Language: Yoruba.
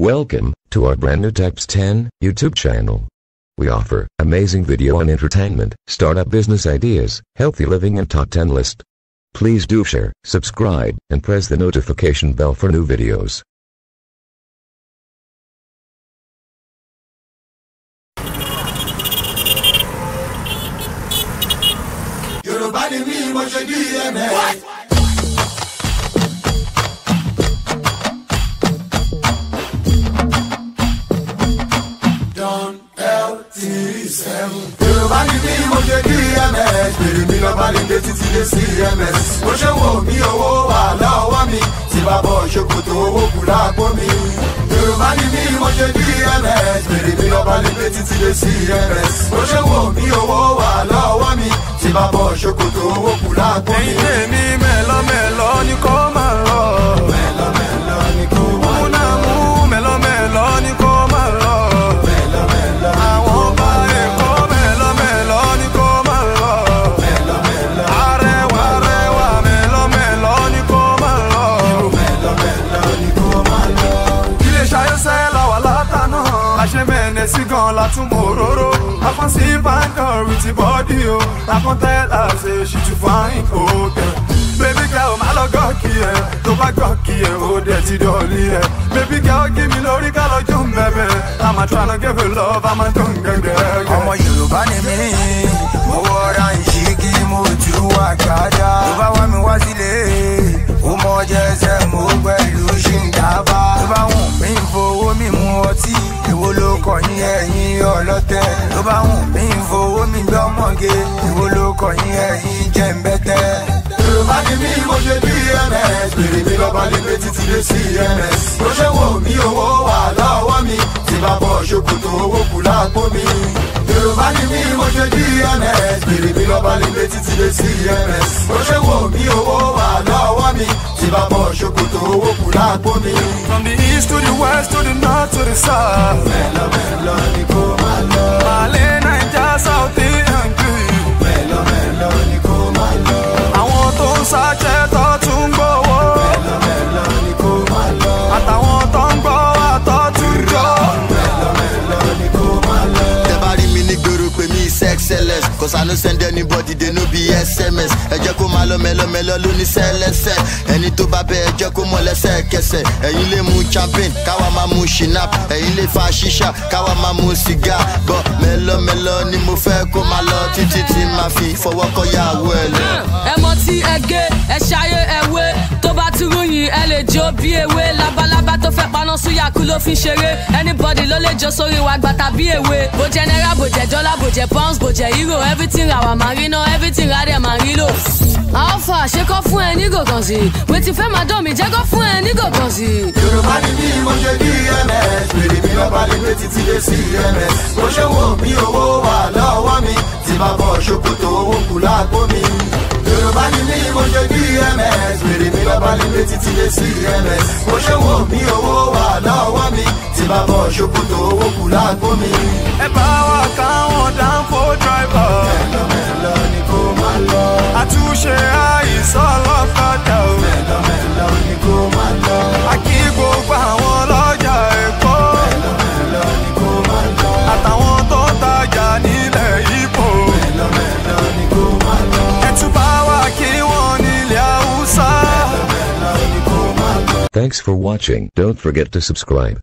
Welcome to our brand new Types 10 YouTube channel. We offer amazing video on entertainment, startup business ideas, healthy living and top 10 list. Please do share, subscribe, and press the notification bell for new videos. LTC. Yorùbá ni bí mo ṣe di MS, bèrè mi lọ́ba lè dé títí dé CMS. Mo ṣe wò mí owó wà lọ́wọ́ mi, tí bàbá ṣòkòtò owó kù láàpọ̀ mi. Yorùbá ni bí mo ṣe di MS, bèrè mi lọ́ba lè dé títí dé CMS. Mo ṣe wò mí owó wà lọ́wọ́ mi, tí bàbá ṣòkòtò owó kù láàpọ̀ mi. gan la tún mọ òróró I can see fine girl with your body o I can tell her say she too fine o girl. Baby girl má lọ gọ́ọ̀kì ẹ̀ tó bá gọ́ọ̀kì ẹ̀ ó dẹ̀ ti dọ̀ọ̀lì ẹ̀. Baby girl kí mi lórí ká lọ́jọ́ ń bẹ̀bẹ̀. I'm a try to give you love, I'm a tó ń gẹ́gẹ́. Ọmọ Yorùbá ni mí. orúkọ yín ẹ̀yin jẹ́ ń bẹ́tẹ́. Yorùbá ni mí mo ṣe bí ms bèrè mi lọ́ba lẹ́gbẹ́ títí dé cms. mo ṣe wo mi owó wà lọ́wọ́ mi tí bá bọ̀ ṣòkòtò owó kù láàpò mi. Yorùbá ni mí mo ṣe bí ms bèrè mi lọ́ba lẹ́gbẹ́ títí dé cms. mo ṣe wo mi owó wà lọ́wọ́ mi tí bá bọ̀ ṣòkòtò owó kù láàpò mi. From the east to the west to the north to the south. bí sms ẹ jẹ́ kó máa lọ mẹ́lọ́mẹ́lọ́ lóníṣẹ́lẹ́sẹ̀ ẹni tó bá bẹ ẹ jẹ́ kó mọ̀ lẹ́sẹ̀kẹsẹ̀ ẹ̀yin lè mu champagne káwa máa mu shinap ẹ̀yin lè fa ṣíṣà káwa máa mu sìgá bọ́ mẹ́lọ́mẹ́lọ́ ni mo fẹ́ kó máa lọ títí tí máa fi fọwọ́ kọ́yàwó ẹ lọ. ẹ mọ tí ẹ gé ẹ ṣayé ẹ wé tó bá tún ròyìn ẹ lè jó bí ewé labalábá paná súyà kú ló fi ṣeré anybody ló lè jó sórí wa gbà tàbí èwe bòjẹ náírà bòjẹ dọ́là bòjẹ pounds bòjẹ euro everything àwa máa rí náà everything rárẹ̀ máa rí lò. alpha ṣe kọ́ fún ẹ ní gògàn sí i wetin fẹ́ máa dán mi jẹ́ kọ́ fún ẹ ní gògàn sí i. yorùbá ni bí mo ṣe di ms pèrè mi lọ́ba lè gbé títí dé sí ms bó ṣe wò mí owó wà lọ́wọ́ mi tí bá bọ̀ owó kù láàgbó mi yorùbá ni bí mo ṣe di ms pèrè ọba nílé títí lé sí ms mo ṣe wò mí owó wà lọ́wọ́ mi tí bàbá ọ̀ṣọ́kù tó owó kù láàgbó mi. ẹ bá wa káwọn d Thanks for watching. Don't forget to subscribe.